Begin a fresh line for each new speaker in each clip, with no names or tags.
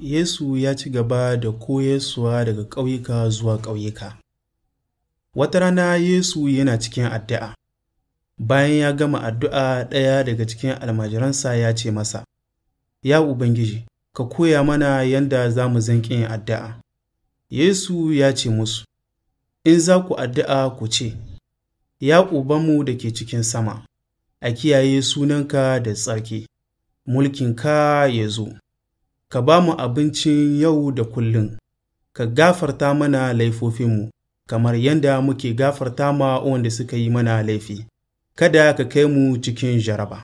Yesu ya ci gaba da koyarsuwa daga ƙauyuka zuwa ƙauyuka. Wata rana Yesu yana cikin addu'a, bayan ya gama addu'a ɗaya daga cikin almajiransa ya ce masa, Ya Ubangiji, ka koya mana yanda za mu zanƙin addu'a. Yesu ya ce musu, In za ku addu'a ku ce, Ya Ubanmu da ke cikin sama, a kiyaye sunanka da tsarki, mulkinka ya zo. ka ba mu abincin yau da kullum, ka gafarta mana laifofinmu, kamar yadda muke gafarta ma wanda suka yi mana laifi, kada ka kai mu cikin jaraba.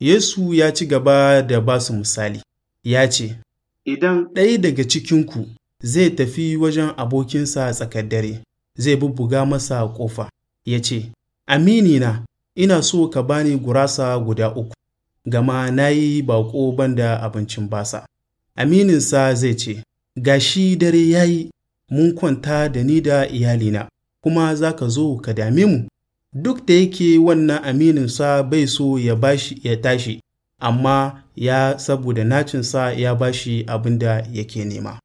Yesu ya ci gaba da ba su misali, ya ce, Idan ɗaya daga cikinku zai tafi wajen abokinsa tsakar dare, zai bubbuga masa ƙofa, ya ce, Aminina, ina so ka bani gurasa guda uku, gama na yi baƙo banda abincin basa. Amininsa zai ce, Ga shi dare ya yi, mun kwanta da ni da iyalina, kuma za ka zo ka dame mu. Duk da yake wannan amininsa bai so ya bashi ya tashi, amma ya saboda nacinsa ya bashi abin da yake nema.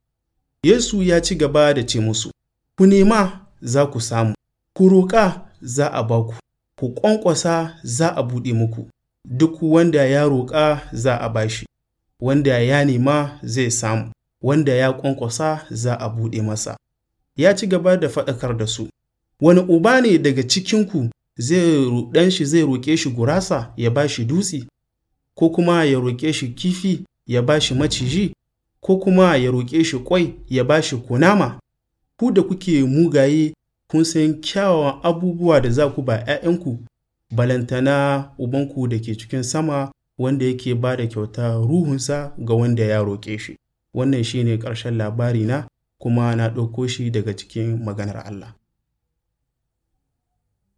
Yesu ya ci gaba da ce musu, Ku nema za ku samu, ku roƙa za a baku, ku ƙwanƙwasa za a buɗe muku, duk wanda ya roƙa za a bashi. wanda ya nema zai samu wanda ya ƙwanƙwasa za a buɗe masa ya ci gaba da faɗakar da su wani uba ne daga cikinku zai shi zai roƙe shi gurasa ya ba shi dutse ko kuma ya roƙe shi kifi ya ba shi maciji ko kuma ya roƙe shi ƙwai ya ba shi kunama ku da kuke mugaye kun san kyawawan abubuwa da za ku ba 'ya'yanku balantana ubanku da ke cikin sama wanda yake ba da kyauta ruhunsa ga wanda ya roƙe shi wannan shine ƙarshen labari na kuma na ɗauko shi daga cikin maganar Allah